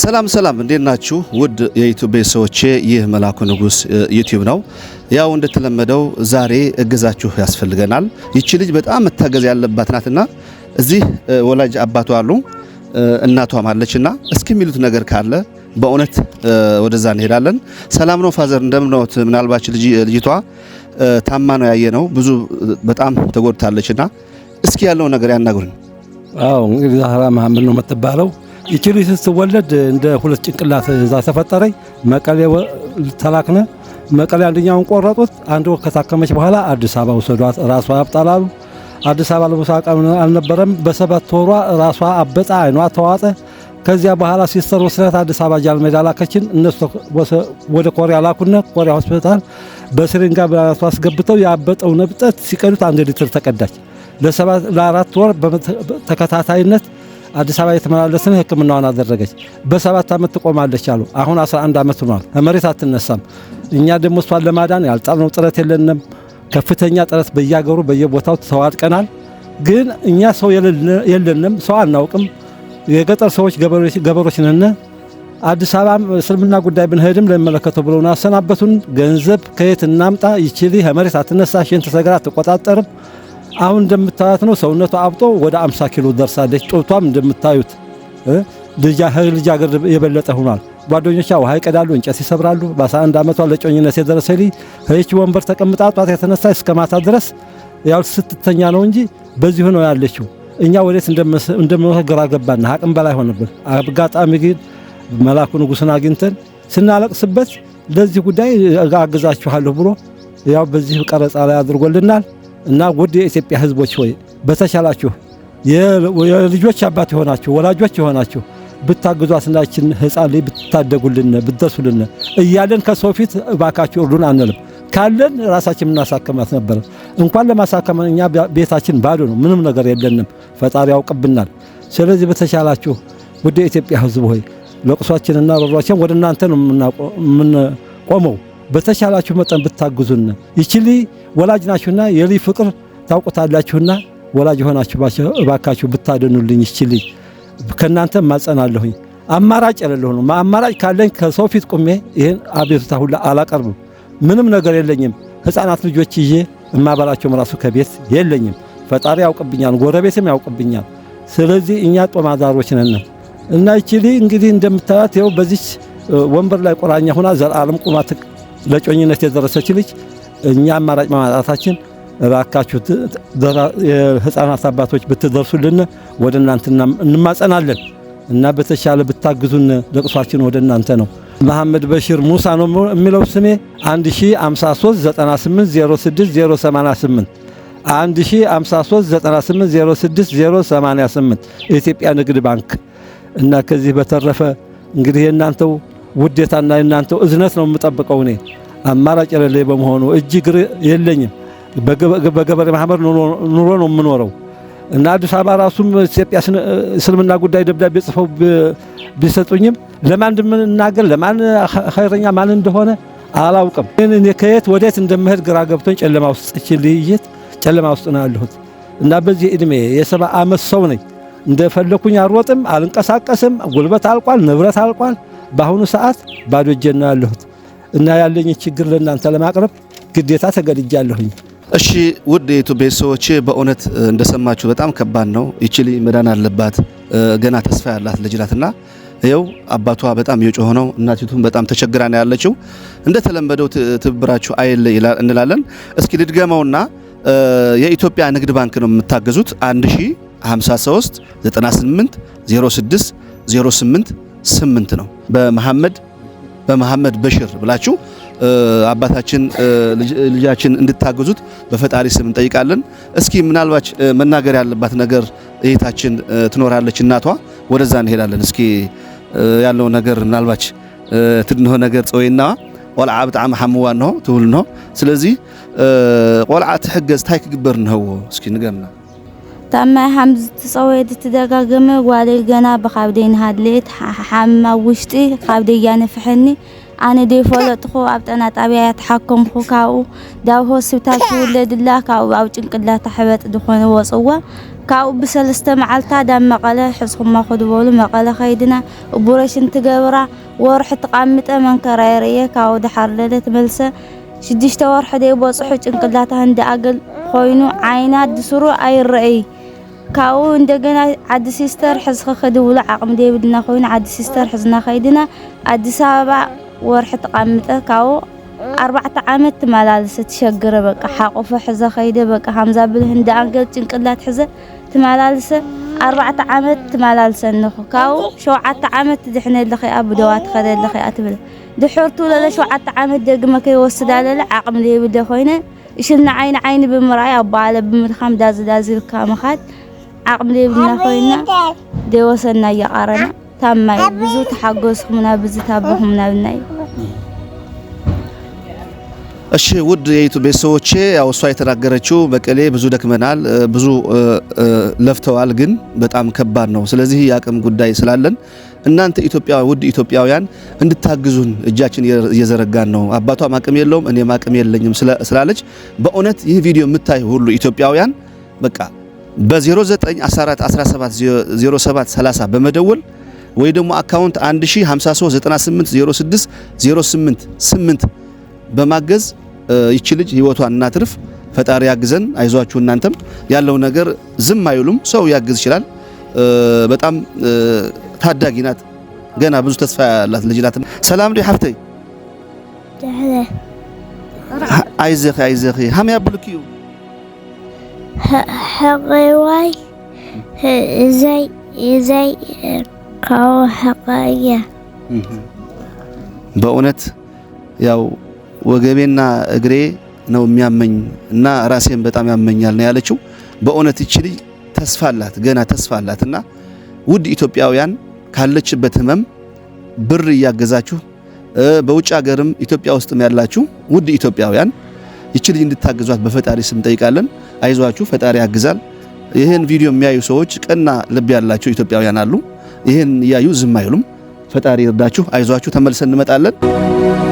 ሰላም ሰላም፣ እንዴት ናችሁ? ውድ የዩቲዩብ ቤተሰቦቼ ይህ መላኩ ንጉስ ዩቲዩብ ነው። ያው እንደተለመደው ዛሬ እገዛችሁ ያስፈልገናል። ይቺ ልጅ በጣም መታገዝ ያለባት ናትና እዚህ ወላጅ አባቷ አሉ እናቷም አለችና እስኪ የሚሉት ነገር ካለ በእውነት ወደዛ እንሄዳለን። ሰላም ነው ፋዘር እንደምንወት። ምናልባች ልጅቷ ታማ ነው ያየ ነው ብዙ በጣም ተጎድታለችና እስኪ ያለው ነገር ያናግሩን። አዎ እንግዲህ ዛህራ መሀመድ ነው የምትባለው ይቺ ልጅ ስትወለድ እንደ ሁለት ጭንቅላት እዛ ተፈጠረኝ። መቀሌ ተላክነ መቀሌ አንደኛውን ቆረጡት። አንድ ወር ከታከመች በኋላ አዲስ አበባ ወሰዷት። ራሷ ያብጣላሉ። አዲስ አበባ ለመሳቅ አልነበረም። በሰባት ወሯ ራሷ አበጣ፣ አይኗ ተዋጠ። ከዚያ በኋላ ሲስተር ወስዳት አዲስ አበባ ጃልሜዳ ላከችን። እነሱ ወደ ኮሪያ ላኩነ። ኮሪያ ሆስፒታል በስሪንጋ በራሷ አስገብተው ያበጠው ነብጠት ሲቀዱት አንድ ሊትር ተቀዳች። ለአራት ወር ተከታታይነት አዲስ አበባ የተመላለስን ህክምናዋን አደረገች። በሰባት ዓመት ትቆማለች አሉ። አሁን 11 ዓመት ሆኗል። መሬት አትነሳም። እኛ ደግሞ እሷን ለማዳን ያልጣርነው ጥረት የለንም። ከፍተኛ ጥረት በያገሩ በየቦታው ተዋድቀናል። ግን እኛ ሰው የለንም፣ ሰው አናውቅም። የገጠር ሰዎች ገበሮች ነን። አዲስ አበባ እስልምና ጉዳይ ብንሄድም ለሚመለከተው ብለውን አሰናበቱን። ገንዘብ ከየት እናምጣ? ይችል መሬት አትነሳ፣ ሽንት ሰገራ አትቆጣጠርም አሁን እንደምታያት ነው። ሰውነቷ አብጦ ወደ 50 ኪሎ ደርሳለች። ጡቷም እንደምታዩት ልጃገረድ የበለጠ ሆኗል። ጓደኞቿ ውሃ ይቀዳሉ፣ እንጨት ይሰብራሉ። በ11 ዓመቷ ለጮኝነት የደረሰ ልጅ ወንበር ተቀምጣ ጧት የተነሳ እስከ ማታ ድረስ ያው ስትተኛ ነው እንጂ በዚሁ ነው ያለችው። እኛ ወዴት እንደምንወስድ ግራ ገባን፣ አቅም በላይ ሆነብን። አጋጣሚ ግን መላኩ ንጉሥን አግኝተን ስናለቅስበት ለዚህ ጉዳይ አግዛችኋለሁ ብሎ ያው በዚህ ቀረጻ ላይ አድርጎልናል። እና ውድ የኢትዮጵያ ህዝቦች ሆይ በተሻላችሁ የልጆች አባት የሆናችሁ ወላጆች የሆናችሁ ብታግዟት እናችን ህፃን ላይ ብታደጉልን ብትደርሱልን እያለን ከሰው ፊት እባካችሁ እርዱን አንልም። ካለን ራሳችን የምናሳከማት ነበር። እንኳን ለማሳከም እኛ ቤታችን ባዶ ነው፣ ምንም ነገር የለንም። ፈጣሪ ያውቅብናል። ስለዚህ በተሻላችሁ ውድ የኢትዮጵያ ህዝብ ሆይ ለቅሷችንና ሮሯችን ወደ እናንተ ነው የምንቆመው። በተሻላችሁ መጠን ብታግዙን ይችል ወላጅ ናችሁና የልጅ ፍቅር ታውቁታላችሁና ወላጅ የሆናችሁ እባካችሁ ብታደኑልኝ ይችልኝ ከእናንተ ማጸናለሁኝ። አማራጭ የሌለሁ ነው። አማራጭ ካለኝ ከሰው ፊት ቁሜ ይህን አቤቱታ ሁላ አላቀርብም። ምንም ነገር የለኝም። ሕፃናት ልጆች ይዤ እማበላቸውም ራሱ ከቤት የለኝም። ፈጣሪ ያውቅብኛል፣ ጎረቤትም ያውቅብኛል። ስለዚህ እኛ ጦማዛሮች ነን እና ይችል እንግዲህ እንደምታያት ይኸው በዚች ወንበር ላይ ቆራኛ ሁና ዘላለም ቁማት ለጮኝነት የደረሰች ልጅ እኛ አማራጭ ማማጣታችን እባካችሁ ህፃናት አባቶች ብትደርሱልን ወደ እናንተ እንማጸናለን እና በተሻለ ብታግዙን፣ ለቅሷችን ወደ እናንተ ነው። መሐመድ በሽር ሙሳ ነው የሚለው ስሜ 1539806088 1539806088 የኢትዮጵያ ንግድ ባንክ እና ከዚህ በተረፈ እንግዲህ የእናንተው ውዴታና የእናንተው እዝነት ነው የምጠብቀው እኔ። አማራጭ የሌለኝ በመሆኑ እጅ የለኝም። በገበሬ ማህበር ኑሮ ነው የምኖረው እና አዲስ አበባ ራሱም ኢትዮጵያ እስልምና ጉዳይ ደብዳቤ ጽፈው ቢሰጡኝም ለማን እንደምናገር ለማን ኸይረኛ ማን እንደሆነ አላውቅም። እኔ ከየት ወዴት እንደምሄድ ግራ ገብቶኝ ጨለማ ውስጥ ችልይት ጨለማ ውስጥ ነው ያለሁት እና በዚህ እድሜ የሰባ ዓመት ሰው ነኝ። እንደፈለኩኝ አልሮጥም፣ አልንቀሳቀስም። ጉልበት አልቋል፣ ንብረት አልቋል። በአሁኑ ሰዓት ባዶ እጄን ነው ያለሁት። እና ያለኝ ችግር ለእናንተ ለማቅረብ ግዴታ ተገድጃለሁኝ። እሺ ውድ የቱ ቤተሰቦቼ በእውነት እንደሰማችሁ በጣም ከባድ ነው። ይቺ መዳን አለባት። ገና ተስፋ ያላት ልጅ ይኸው አባቷ በጣም የጮ ሆነው እናቲቱም በጣም ተቸግራ ነው ያለችው። እንደተለመደው ትብብራችሁ አይል እንላለን። እስኪ ልድገመውና የኢትዮጵያ ንግድ ባንክ ነው የምታገዙት 1053 98 06 08 8 ነው በመሐመድ በመሐመድ በሽር ብላችሁ አባታችን ልጃችን እንድታገዙት በፈጣሪ ስም እንጠይቃለን። እስኪ ምናልባች መናገር ያለባት ነገር እህታችን ትኖራለች፣ እናቷ ወደዛ እንሄዳለን። እስኪ ያለው ነገር ምናልባች ትድንሆ ነገር ፀወይና ቆልዓ ብጣዕሚ ሓምዋ እንሆ ትውል እንሆ ስለዚ ቆልዓ ትሕገዝ እንታይ ክግበር እንህዎ እስኪ ንገምና ካብ ማይ ሓም ዝተፀወየት እትደጋገመ ገና ብኻብደይ ንሃድለየት ሓም ኣብ ውሽጢ ካብደይ እያነፍሐኒ ኣነ ደይፈለጥኹ ኣብ ጠና ጣብያ ያተሓከምኩ ካብኡ ዳብ ሆስፒታል ትውለድላ ካብኡ ኣብ ጭንቅላታ ሕበጥ ዝኾነ ወፅዋ ካብኡ ብሰለስተ መዓልታ ዳብ መቐለ ሕዝኹማ ክድበሉ መቐለ ኸይድና ኦቦሬሽን ትገብራ ወርሒ ትቃምጠ መንከራ የርእየ ካብኡ ዳሓርለለ ትመልሰ ሽድሽተ ወርሒ ደይበፅሑ ጭንቅላታ እንዳኣገል ኮይኑ ዓይና ድስሩ ኣይረአይ كاو اندغنا عاد سيستر حز خدول عقم دي بدنا خوين عاد سيستر حزنا خيدنا عاد سابع ورحت قامت كاو أربعة عامت تمالالس تشقر بك حاقف حزة خيدة بك حمزة بالهند أنقل تنقلات حزة تمالالس أربعة عامت تمالالس النخو كاو شو عاد عامت تدحنا اللخي أبو دوات خذ اللخي أتبل دحورتو لالا شو عاد عامت دقمك يوصد على العقم دي بدخوينة شلنا عين عين بمراي أبو على دازل داز داز ዓቕምሊብና ኮይና ደወሰና እያቃረና ታማይ ብዙ ተሓገዝኩምና ብዙ ታበኹምና ብናይ እሺ ውድ የዩቱ ቤተሰቦቼ ያው እሷ የተናገረችው መቀሌ ብዙ ደክመናል፣ ብዙ ለፍተዋል፣ ግን በጣም ከባድ ነው። ስለዚህ የአቅም ጉዳይ ስላለን እናንተ ኢትዮጵያ ውድ ኢትዮጵያውያን እንድታግዙን እጃችን እየዘረጋን ነው። አባቷም አቅም የለውም እኔም አቅም የለኝም ስላለች በእውነት ይህ ቪዲዮ የምታይ ሁሉ ኢትዮጵያውያን በቃ በ0914170730 በመደወል ወይ ደግሞ አካውንት 10539806088 በማገዝ ይቺ ልጅ ህይወቷን እናትርፍ። ፈጣሪ ያግዘን። አይዟችሁ እናንተም ያለው ነገር ዝም አይሉም። ሰው ያግዝ ይችላል። በጣም ታዳጊ ናት። ገና ብዙ ተስፋ ያላት ልጅ ናት። ሰላም ዲ ሓፍተይ አይዘኺ አይዘኺ ሃመ ያብልክ እዩ حقواي زي زي ካው ሐቃያ በእውነት ያው ወገቤና እግሬ ነው የሚያመኝ እና ራሴን በጣም ያመኛል ነው ያለችው። በእውነት እቺ ልጅ ተስፋ አላት፣ ገና ተስፋ አላት። እና ውድ ኢትዮጵያውያን ካለችበት ህመም ብር እያገዛችሁ በውጭ ሀገርም ኢትዮጵያ ውስጥም ያላችሁ ውድ ኢትዮጵያውያን ይቺ ልጅ እንድታግዟት በፈጣሪ ስም ጠይቃለን። አይዟችሁ፣ ፈጣሪ ያግዛል። ይህን ቪዲዮ የሚያዩ ሰዎች ቀና ልብ ያላቸው ኢትዮጵያውያን አሉ። ይህን እያዩ ዝም አይሉም። ፈጣሪ ይርዳችሁ፣ አይዟችሁ፣ ተመልሰን እንመጣለን።